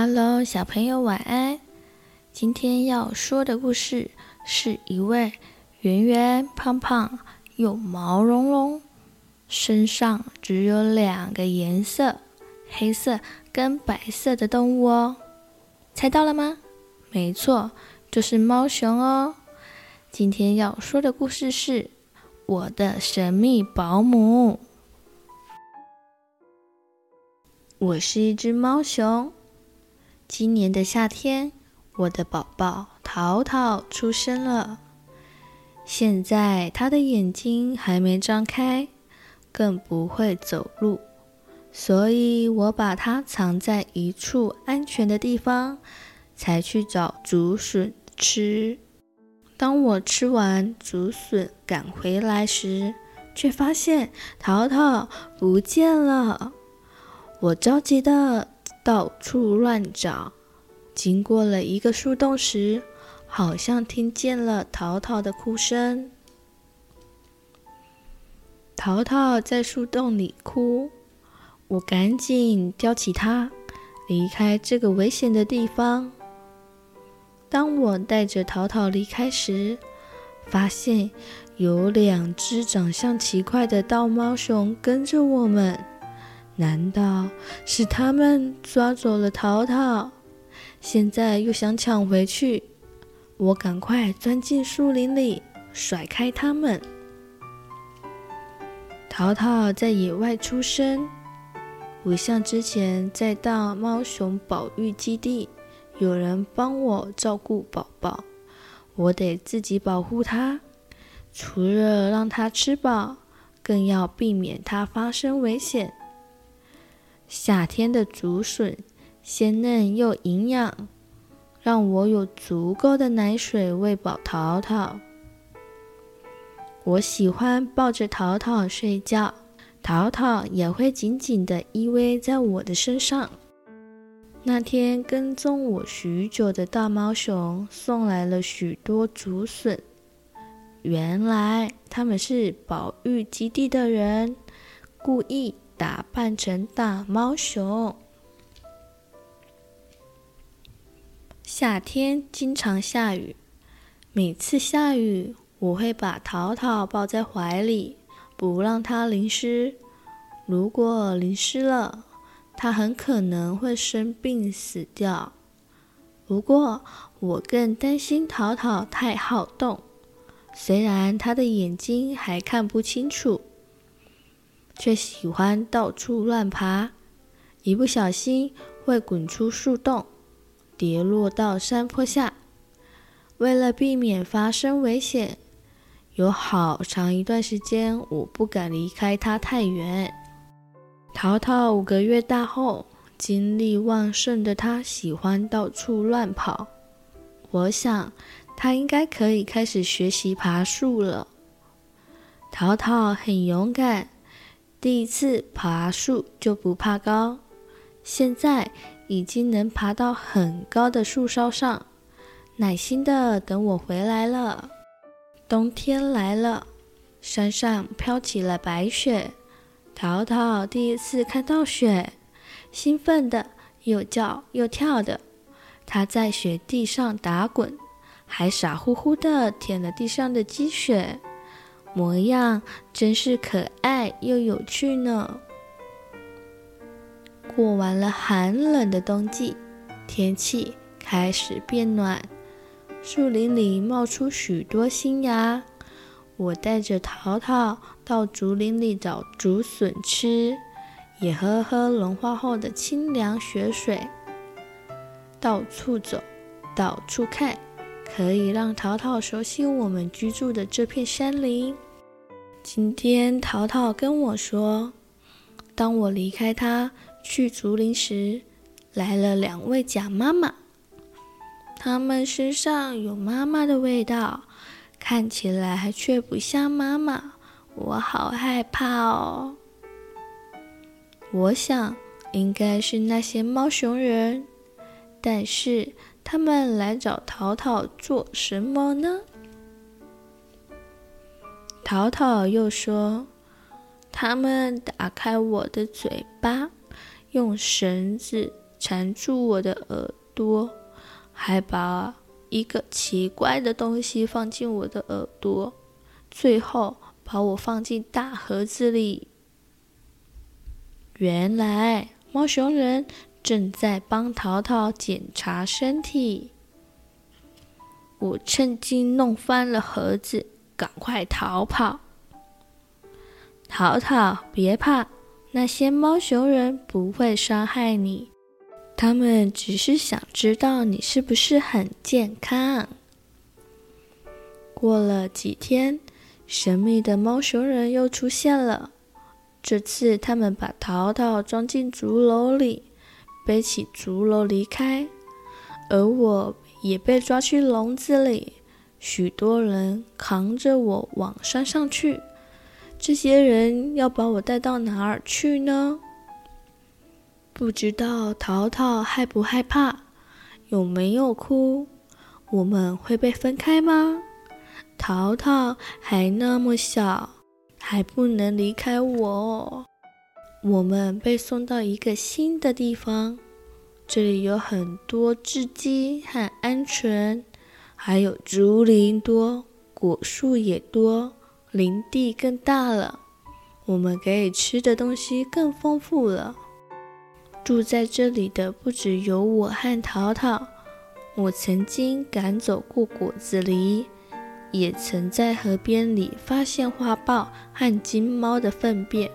Hello，小朋友，晚安。今天要說的故事是一位圓圓胖胖又毛茸茸，身上只有兩個顏色，黑色跟白色的動物哦。猜到了嗎？沒錯，就是貓熊哦。今天要說的故事是《我的神祕保母》。我是一隻貓熊。今年的夏天，我的寶寶淘淘出生了。現在他的眼睛還沒張開，更不會走路，所以我把它藏在一處安全的地方，才去找竹筍吃。當我吃完竹筍趕回來時，卻發現淘淘不見了。我着急的。到處亂找，經過了一個樹洞時，好像聽見了淘淘的哭聲。淘淘在樹洞裡哭，我趕緊叼起它，離開這個危險的地方。當我帶着淘淘離開時，發現有兩只長相奇怪的大貓熊跟着我們。難道是他們抓走了淘淘？現在又想搶回去？我趕快鑽進樹林裡，甩開他們。淘淘在野外出生，不像之前在大貓熊保育基地，有人幫我照顧寶寶，我得自己保護它。除了讓它吃飽，更要避免它發生危險。夏天的竹筍鮮嫩又營養，讓我有足夠的奶水餵飽淘淘。我喜歡抱着淘淘睡覺，淘淘也會緊緊地依偎在我的身上。那天跟蹤我許久的大貓熊送來了許多竹筍，原來他們是保育基地的人，故意。打扮成大貓熊。夏天經常下雨，每次下雨，我會把淘淘抱在懷裡，不讓它淋濕。如果淋濕了，它很可能會生病死掉。不過，我更擔心淘淘太好動，雖然它的眼睛還看不清楚。卻喜歡到處亂爬，一不小心會滾出樹洞，跌落到山坡下。為了避免發生危險，有好長一段時間我不敢離開它太遠。淘淘五個月大後，精力旺盛的他喜歡到處亂跑。我想，他應該可以開始學習爬樹了。淘淘很勇敢。第一次爬樹就不怕高，現在已經能爬到很高的樹梢上。耐心的等我回來了。冬天來了，山上飄起了白雪。淘淘第一次看到雪，興奮的又叫又跳的。他在雪地上打滾，還傻乎乎的舔了地上的積雪。模樣真是可愛又有趣呢。過完了寒冷的冬季，天氣開始變暖，樹林裡冒出許多新芽。我帶着淘淘到竹林裡找竹筍吃，也喝喝融化後的清涼雪水。到處走，到處看。可以讓淘淘熟悉我們居住的這片山林。今天淘淘跟我說，當我離開他去竹林時，來了兩位假媽媽，他們身上有媽媽的味道，看起來還卻不像媽媽，我好害怕哦。我想應該是那些貓熊人，但是。他們來找淘淘做什麼呢？淘淘又說：“他們打開我的嘴巴，用繩子纏住我的耳朵，還把一個奇怪的東西放進我的耳朵，最後把我放進大盒子裡。”原來貓熊人。正在幫淘淘檢查身體，我趁機弄翻了盒子，趕快逃跑。淘淘別怕，那些貓熊人不會傷害你，他們只是想知道你是不是很健康。過了幾天，神秘的貓熊人又出現了，這次他們把淘淘裝進竹簍裡，背起竹簍離開，而我也被抓去籠子裡。許多人扛着我往山上去，這些人要把我帶到哪兒去呢？不知道淘淘害不害怕，有沒有哭？我們會被分開嗎？淘淘還那麼小，還不能離開我。我們被送到一個新的地方，這裡有很多雉雞和鵪鶉，還有竹林多，果樹也多，林地更大了，我們可以吃的東西更豐富了。住在這裡的不止有我和淘淘，我曾經趕走過果子狸，也曾在河邊裡發現花豹和金貓的糞便。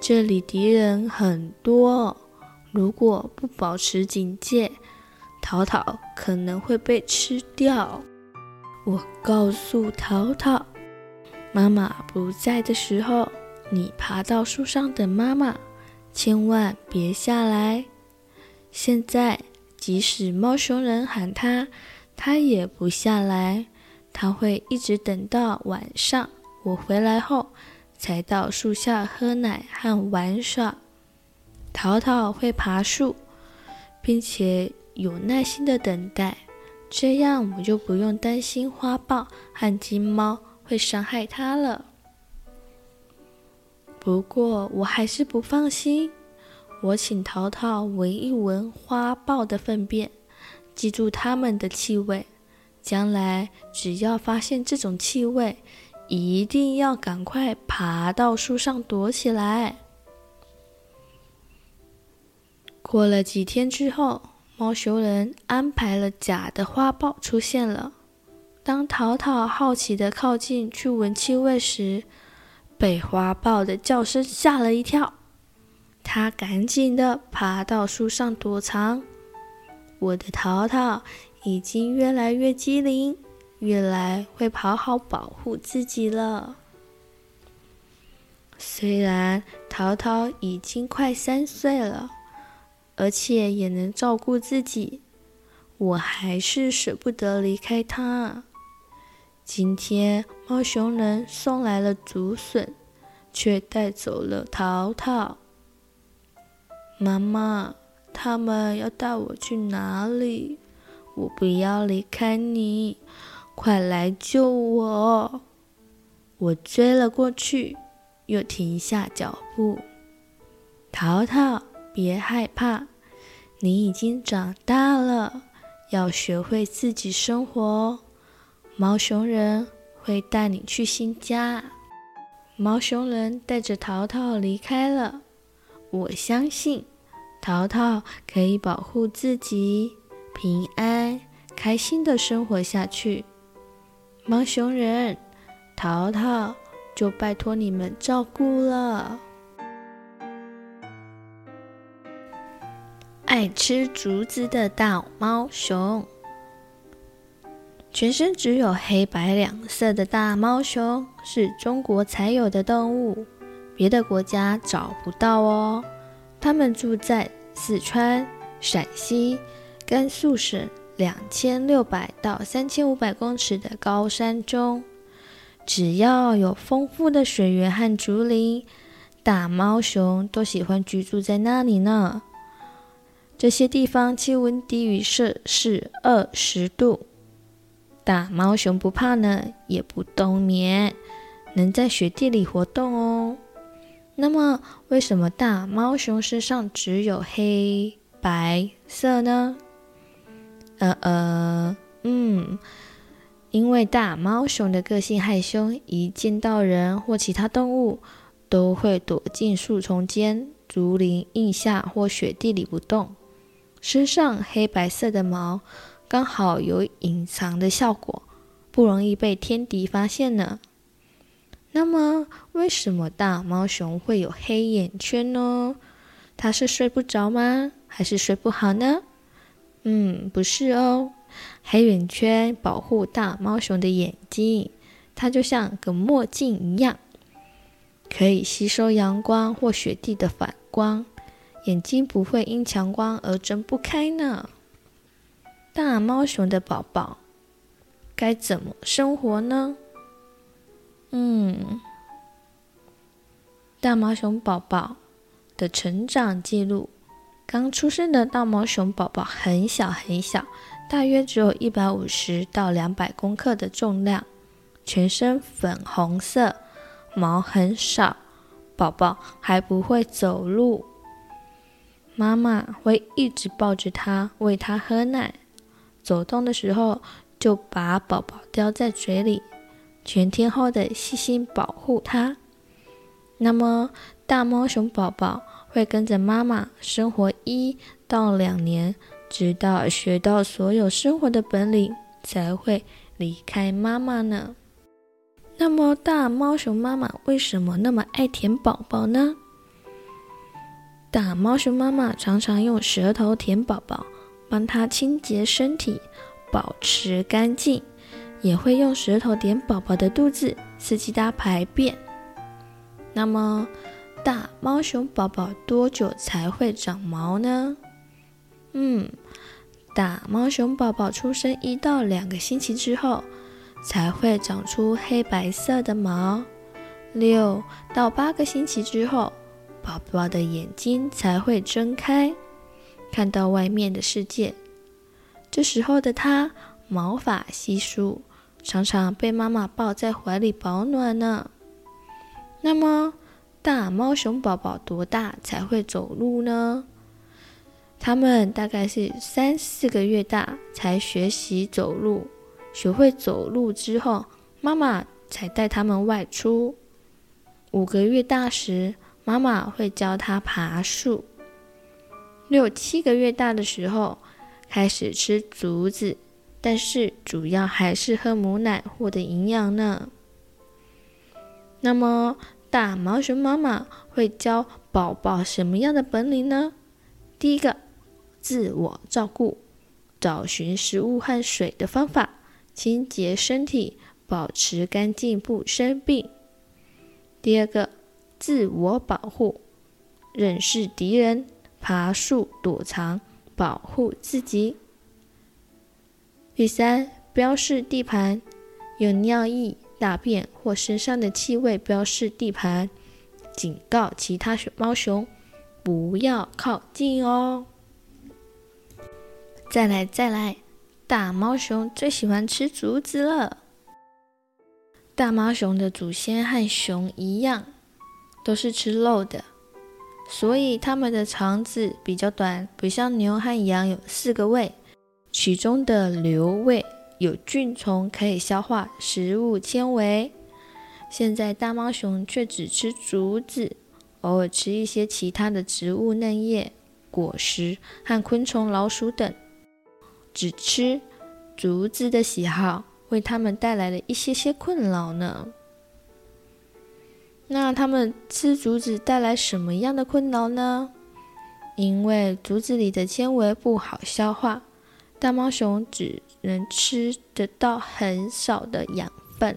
這裡敵人很多，如果不保持警戒，淘淘可能會被吃掉。我告訴淘淘，媽媽不在的時候，你爬到樹上等媽媽，千萬別下來。現在即使貓熊人喊她，她也不下來，她會一直等到晚上我回來後，才到樹下喝奶和玩耍。淘淘會爬樹，並且有耐心的等待，這樣我就不用擔心花豹和金貓會傷害它了。不過我還是不放心，我請淘淘聞一聞花豹的糞便，記住它們的氣味，將來只要發現這種氣味，一定要趕快爬到樹上躲起來。過了幾天之後，貓熊人安排了假的花豹出現了。當淘淘好奇的靠近去聞氣味時，被花豹的叫聲嚇了一跳，他趕緊的爬到樹上躲藏。我的淘淘已經越來越機靈。越來會好好保護自己了。雖然淘淘已經快三歲了，而且也能照顧自己，我還是捨不得離開他。今天貓熊人送來了竹筍，却帶走了淘淘。媽媽，他們要帶我去哪裡？我不要離開你。快來救我！我追了過去，又停下腳步。淘淘，別害怕，你已經長大了，要學會自己生活哦。貓熊人會帶你去新家。貓熊人帶着淘淘離開了。我相信，淘淘可以保護自己，平安、開心的生活下去。貓熊人，淘淘就拜託你們照顧了。愛吃竹子的大貓熊，全身只有黑白兩色的大貓熊是中國才有的動物，別的國家找不到哦。它們住在四川、陝西、甘肅省。兩千六百到三千五百公尺的高山中，只要有豐富的水源和竹林，大貓熊都喜歡居住在那裡呢。這些地方氣溫低於攝氏二十度，大貓熊不怕冷，也不冬眠，能在雪地裡活動哦。那麼，為什麼大貓熊身上只有黑白色呢？呃呃嗯，因為大貓熊的個性害羞，一見到人或其他動物，都會躲進樹叢間、竹林蔭下或雪地裡不動。身上黑白色的毛剛好有隱藏的效果，不容易被天敵發現呢。那麼，為什麼大貓熊會有黑眼圈呢？它是睡不着嗎？還是睡不好呢？嗯，不是哦，黑眼圈保護大貓熊的眼睛，它就像個墨鏡一樣，可以吸收陽光或雪地的反光，眼睛不會因強光而睜不開呢。大貓熊的寶寶該怎麼生活呢？嗯，大貓熊寶寶的成長記錄。剛出生的大貓熊寶寶很小很小，大約只有一百五十到兩百公克的重量，全身粉紅色，毛很少，寶寶還不會走路，媽媽會一直抱着它餵它喝奶，走動的時候就把寶寶叼在嘴裡，全天候的細心保護它。那麼大貓熊寶寶。會跟着媽媽生活一到兩年，直到學到所有生活的本領，才會離開媽媽呢。那麼大貓熊媽媽為什麼那麼愛舔寶寶呢？大貓熊媽媽常常用舌頭舔寶寶，幫它清潔身體，保持乾淨，也會用舌頭舔寶寶的肚子，刺激它排便。那麼大貓熊寶寶多久才會長毛呢？嗯，大貓熊寶寶出生一到兩個星期之後，才會長出黑白色的毛。六到八個星期之後，寶寶的眼睛才會睜開，看到外面的世界。這時候的它毛髮稀疏，常常被媽媽抱在懷裡保暖呢。那麼，大貓熊寶寶多大才會走路呢？他們大概是三四個月大才學習走路，學會走路之後，媽媽才帶他們外出。五個月大時，媽媽會教他爬樹。六七個月大的時候，開始吃竹子，但是主要還是喝母奶獲得營養呢。那麼，大貓熊媽媽會教寶寶什麼樣的本領呢？第一個，自我照顧，找尋食物和水的方法，清潔身體，保持乾淨不生病。第二個，自我保護，認識敵人，爬樹躲藏，保護自己。第三，標示地盤，有尿液。大便或身上的氣味標示地盤，警告其他貓熊，貓熊不要靠近哦。再來再來，大貓熊最喜歡吃竹子了。大貓熊的祖先和熊一樣，都是吃肉的，所以它們的腸子比較短，不像牛和羊有四個胃，其中的瘤胃有菌蟲可以消化食物纖維，現在大貓熊卻只吃竹子，偶爾吃一些其他的植物嫩葉、果實和昆蟲、老鼠等。只吃竹子的喜好為它們帶來了一些些困擾呢。那它們吃竹子帶來什麼樣的困擾呢？因為竹子裡的纖維不好消化。大貓熊只能吃得到很少的養分，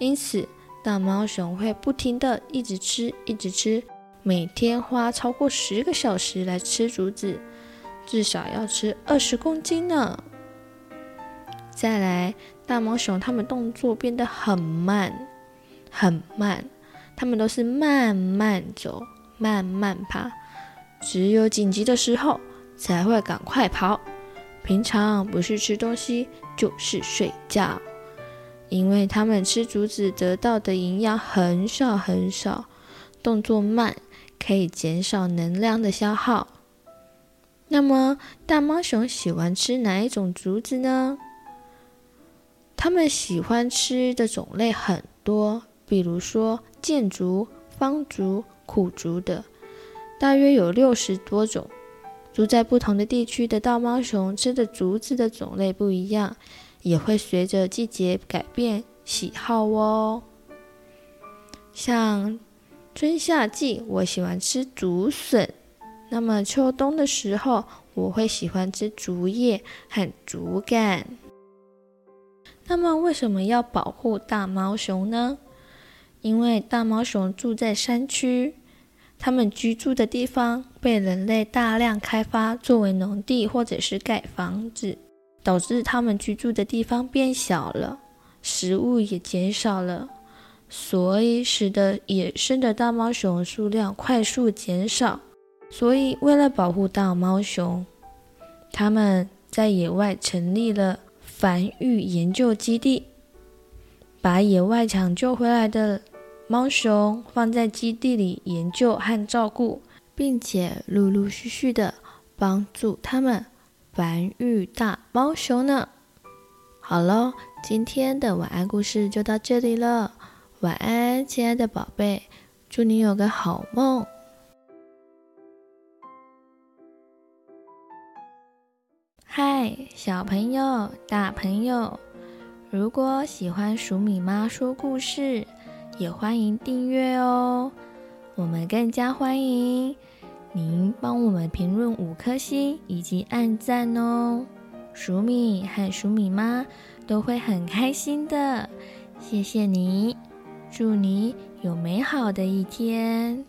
因此大貓熊會不停的一直吃，一直吃，每天花超過十個小時來吃竹子，至少要吃二十公斤呢。再來，大貓熊它們動作變得很慢，很慢，它們都是慢慢走，慢慢爬，只有緊急的時候才會趕快跑。平常不是吃東西就是睡覺，因為它們吃竹子得到的營養很少很少，動作慢，可以減少能量的消耗。那麼大貓熊喜歡吃哪一種竹子呢？它們喜歡吃的種類很多，比如說箭竹、方竹、苦竹等，大約有六十多種。住在不同的地區的大貓熊吃的竹子的種類不一樣，也會隨着季節改變喜好哦。像春夏季，我喜歡吃竹筍；那麼秋冬的時候，我會喜歡吃竹葉和竹竿。那麼為什麼要保護大貓熊呢？因為大貓熊住在山區。他們居住的地方被人類大量開發作為農地或者是蓋房子，導致他們居住的地方變小了，食物也減少了，所以使得野生的大貓熊數量快速減少。所以為了保護大貓熊，他們在野外成立了繁育研究基地，把野外搶救回來的。貓熊放在基地裡研究和照顧，並且陸陸續續的幫助他們繁育大貓熊呢。好嘍，今天的晚安故事就到這裡了。晚安，親愛的寶貝，祝你有個好夢。嗨，小朋友，大朋友，如果喜歡黍米媽說故事。也歡迎訂閱哦，我們更加歡迎您幫我們評論五顆星以及按讚哦，黍米和黍米媽都會很開心的，謝謝你，祝你有美好的一天。